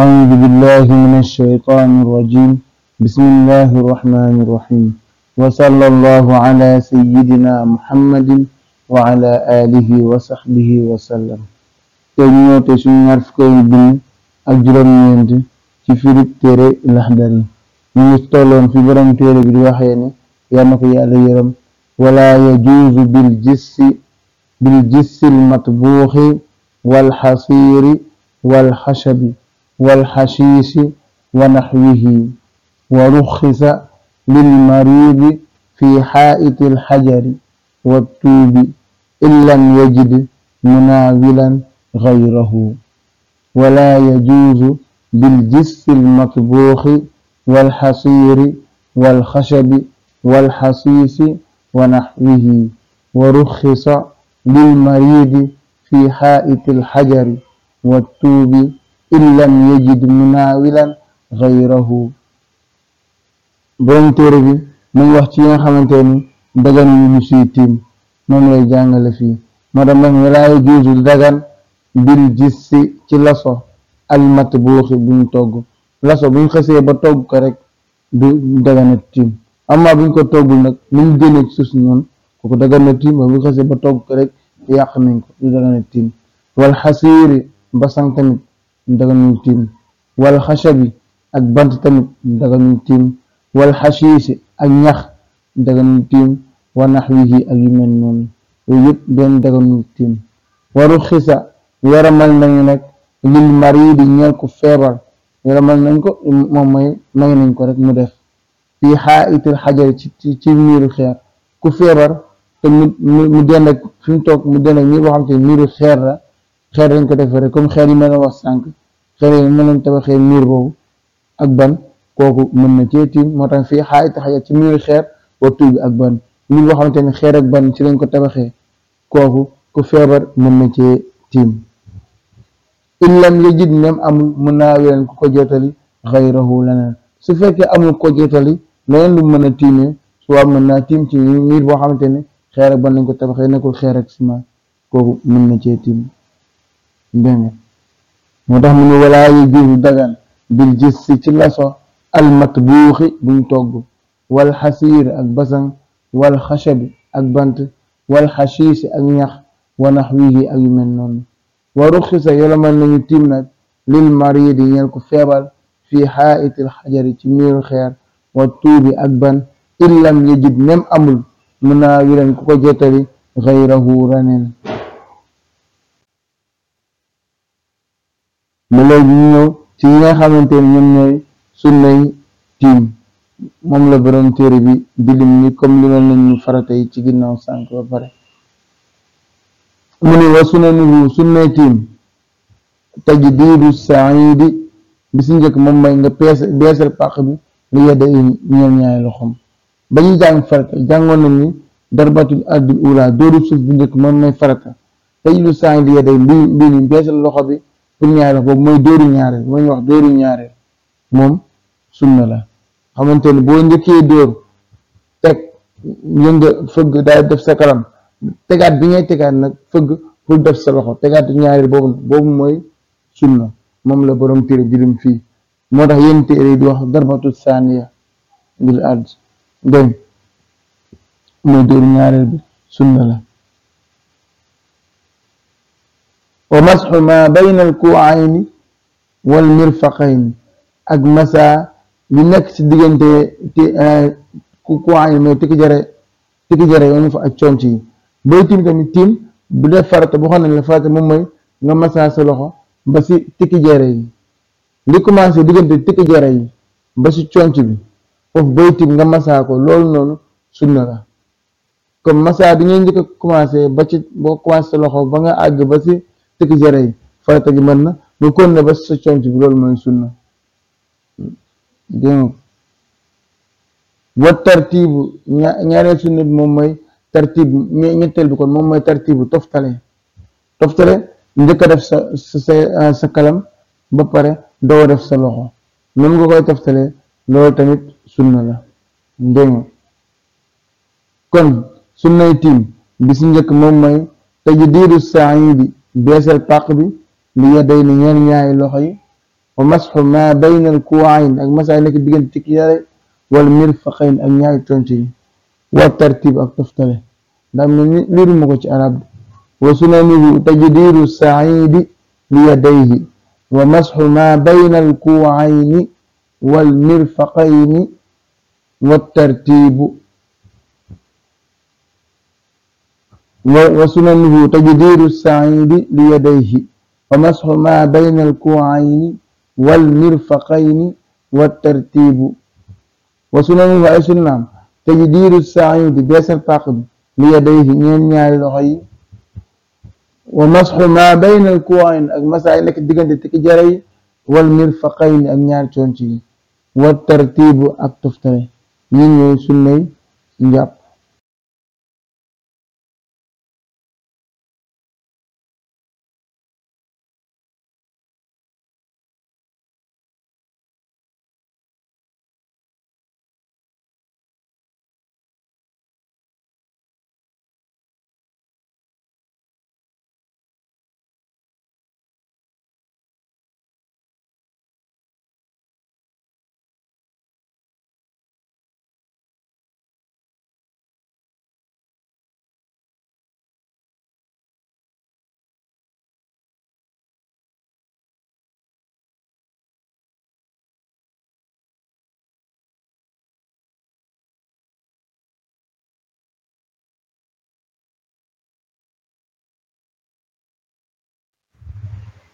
أعوذ بالله من الشيطان الرجيم بسم الله الرحمن الرحيم وصلى الله على سيدنا محمد وعلى آله وصحبه وسلم tey ñu ñëw tey suñu ñaar fukki bind ak juróom-ñeent ci firib téere Laxdari ñu ngi tolloon fi borom téere bi di waxee ne yaa na ko yàlla yërëm wala yajuuzu bil jissi bil jissi al matbuuxi wal xasiiri wal xashabi والحشيش ونحوه ورخص للمريض في حائط الحجر والطوب إن لم يجد مناولا غيره ولا يجوز بالجس المطبوخ والحصير والخشب والحصيص ونحوه ورخص للمريض في حائط الحجر والطوب in lam yajid munaawilan gayrahu borom téere bi mu ngi wax ci yi nga xamante ni dagan yu ñu siy tiim moom lay jàngale fii moo tax man laa yajuuzu dagan bil jissi ci laso almatbuuxi buñ togg laso buñ xësee ba togg ko rek du dagana tiim amma buñ ko toggul nag luñ génne ci suus ñoom kooku dagana tiim waaye buñ ba togg ko rek yàq nañ ko du dagana tiim wal xasiiri basang tamit daganul tiim wal xasabi ak bant tamit daganul tiim wal xasiisi ak ñax daganul tiim wa naxwihi ak yu mel noonu yooyu yëpp benn daganul tiim waru xisa yaramal nañu nag lil mariidi ñeel ko feebar yaramal nañ ko moom mooy may nañ ko rek mu def fii xaayitil xajari ci ci miiru xeer ku feebar te mu mu dend fi mu toog mu dend ak miir boo xam miiru xeer la xeer lañ ko defaree comme xeer yi ma la wax sànq xeer yi mën nañ tabaxee miir boobu ak ban kooku mën na cee tiim moo tax fii xaay taxaja ci miiru xeer waxtu bi ak ban miir boo xamante ne xeer ak ban ci lañ ko tabaxee kooku ku feebar mën na cee tiim illam yajid nem amul mën naa weleen ku ko jottali xayrahu leneen su fekkee amul ko jottali leneen lu mën a tiimee suwaa mën naa tiim ci miir boo xamante ne xeer ak ban nañ ko tabaxee nekkul xeer ak ciment kooku mën na cee tiim dégg tax mu ne walaa yu juuzu dagan bil gis si ci laso almat buuxi buñ togg wal xasiir ak basan wal xashabi ak bant wal xasiis ak ñax wa naxwihi ak yu mel noonu wa ruxisa yolomal nañu tiim nag lil maridi ñeel ko feebal fii xaayitil xajari ci miiru xeer wa tuubi ak ban illam yajid nem amul munaawiran ku ko jottali xayrahu raneen mu léegi ñëw ci ñi nga xamante ne ñoom ñooy sunnay tiim moom la borom téere bi di lim ni comme limal nañu farata yi ci ginnaaw sànq ba pare mu ne wa sunanihu sunnay tiim tajdiidu saidi bi si njëkk moom mooy nga pees beesal pàq bi li yedda yi ñeel ñaari loxoom ba ñu jàng farata jàngoon nañ ni darbatul addul ula dóoru suuf bu njëkk moom mooy farata tajdiidu saidi yedda yi mbi mbi ni beesal loxo bi pour ñaareel boobu mooy dóoru ñaareel mooy ñu wax dóoru ñaareel moom sunna la xamante ne boo njëkkee dóor teg yënga fëgg daal def sa karam tegaat bi ngay tegaat nag fëgg pour def sa loxo tegaat ñaareel boobu boobu mooy sunna moom la borom téere bilim fii moo tax yenn téere di wax darbatu saaniya bil ard dégg mooy dóoru ñaareel bi sunna la wa masxu ma bayna alkuwayni wal mirfaqayni ak masa li nekk ci diggante eh, kuwayni mooy tikki jare tikki jare yoonu fa ak coom yi booy tiim tamit tiim bu dee farata boo xam ne la farata moom mooy nga masa sa loxo ba si tikki jare yi li commencé diggante tikki jare yi ba si conc bi foofu booy tiim nga masaa ko loolu noonu sunna la comme masaa bi ngay njëkk a commencé ba ci boo commencé sa loxo ba nga àgg ba si tëkk jare yi farata gi mën na nga kon ne ba sa coom bi loolu mooy sunna dégg wa tartibu ñaareel sunna bi moom mooy tartib ñetteel bi kon moom mooy tartibu toftale toftale njëkk a def sa ah, sa kalam ba pare doo def sa loxo noonu nga koy toftale loolu tamit sunna la dégg kon sunnay tiim bi si njëkk moom mooy tajdiidu saayidi beesal pàq bi li yaday ni ñeen ñaari loxo yi wa masxu ma bayna al kuwaayn ak masaay nekk diggante tikki yare wal mirfaqayn ak ñaari tonc yi wa tartib ak toftale ndax mu ne liiru ma ko ci arab wa sunanihi tajdiidu saidi li yadayhi wa masxu ma bayna al kuwaayn wal mirfaqayn wa tartibu وسننه تجدير السعيد ليديه ومسح ما بين الكوعين والمرفقين والترتيب وسننه أي سنن تجدير السعيد بيسر فاقد ليديه نين نياري لغي ومسح ما بين الكوعين أك مسح لك الدقن تكجري والمرفقين أك نيار تونتي والترتيب أك تفتري نين يوي سنن جاب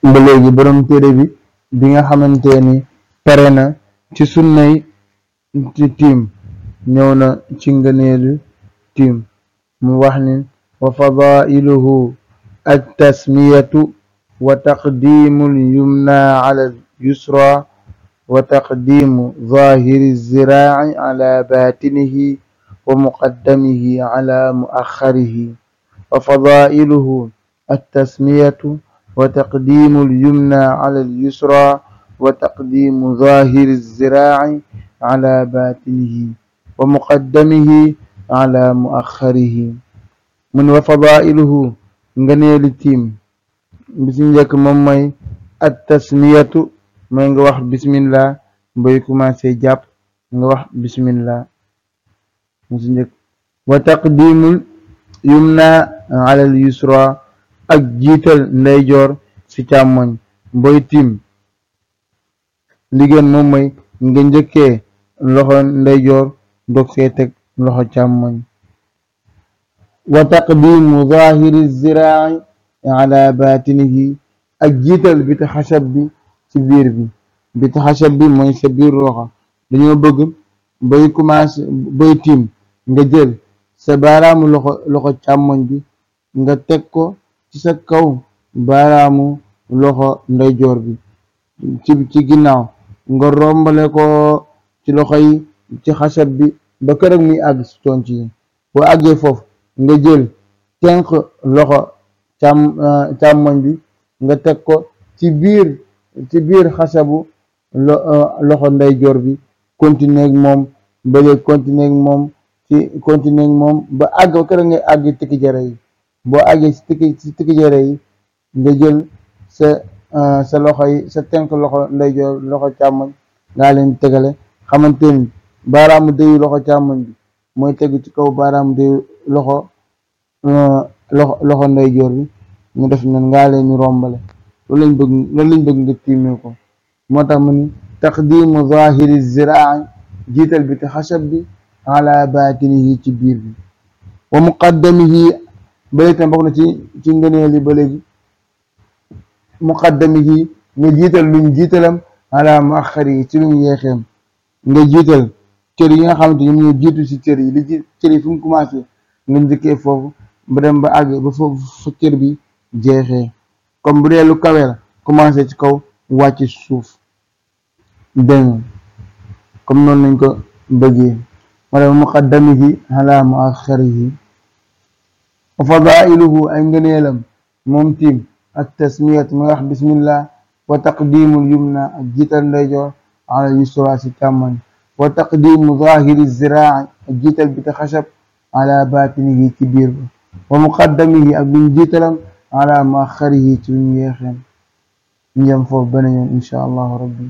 ba léegi borom téere bi bi nga xamante ni pare na ci sunnay ci tiim ñëw ci ngëneelu tiim mu wax ni wa fadailuhu at wa taqdimu l yumna ala al yusra wa taqdimu zahiri ziraai ala batinihi wa muqaddamihi wa fadailuhu at wa taqdimu lyumna ala lyusra wa taqdimu zahiri ziraaci ala baatinihi wa muqaddamihi ala muaxarihi mun wa fadailuhu nganeeli tiim bi si njëkk moom mooy at tasmiyatu mooy nga wax bismillah bay commencé jàpp nga wax bismillah bi si njëkk wa taqdimul yumna ala al yusra ak jiital ndeyjoor ci càmmoñ booy tiim li gën moom mooy nga njëkkee loxo ndeyjoor dog see teg loxo càmmoñ wa taqdimu zahiri ziraai ala batinihi ak jiital biti xasab bi ci biir bi biti xasab bi mooy sa biir loxo dañoo bëgg bay commencé bay tiim nga jël sa loxo càmmoñ bi nga teg ko ci sa kaw baaraamu loxo ndeyjoor bi ci ci ginnaaw nga rombale ko ci loxo yi ci xasab bi ba kër ak muy àgg si conc yi boo àggee foofu nga jël tenq loxo càmm euh, càmmoñ bi nga teg ko ci biir ci biir xasabu euh, loxo ndeyjoor bi continuer ak moom ba léegi continuer moom ci continuer moom ba àgg ba kër ngay àgg tikki jara yi boo àggee ci tëkk ci tëkkjëre yi nga jël sa euh, sa loxo yi sa tenk loxo ndeyjoor loxo càmmoñ ngaa leen tegale xamante ni baaraamu dëyu loxo càmmoñ bi mooy teg ci kaw baaraamu dëyu loxo euh, loxo loxo ndeyjoor bi ñu def nan ngaa leen ñu rombale loolu lañ bëgg loolu lañ bëgg nga tiimee ko moo tax mu ni taqdimu zahiri ziraa jiital bi te xasab bi ala baatinihi ci biir bi wa muqaddamihi ba léegi tam bokk na ci ci ngëneel yi ba léegi muqaddami gi nga jiital luñ jiitalam ala maxar yi ci luñ yeexeem nga jiital cër yi nga xam ñoom ñoo jiitu si cër yi li ci cër yi fu mu commencé nga njëkkee foofu ba dem ba àgg ba foofu fa cër bi jeexee comme bu dee lu kawe la commencé ci kaw wàcc suuf dégg comme noonu lañ ko bëggee wala muqaddami gi ala xer yi wa fadailuhu ay ngëneelam moom tiim ak tasmiyat muy wax bismillah wa taqdimul yumna ak jiital ndeyjoor ala yusra si càmmoñ wa taqdimu zahiri ziraa ak jiital bita xashab ala batinihi ci biir ba wa muqaddamihi ak buñ jiitalam ala maaxarihi ci buñ yeexeen njëm foofu beneen yoon insha allahu rabbi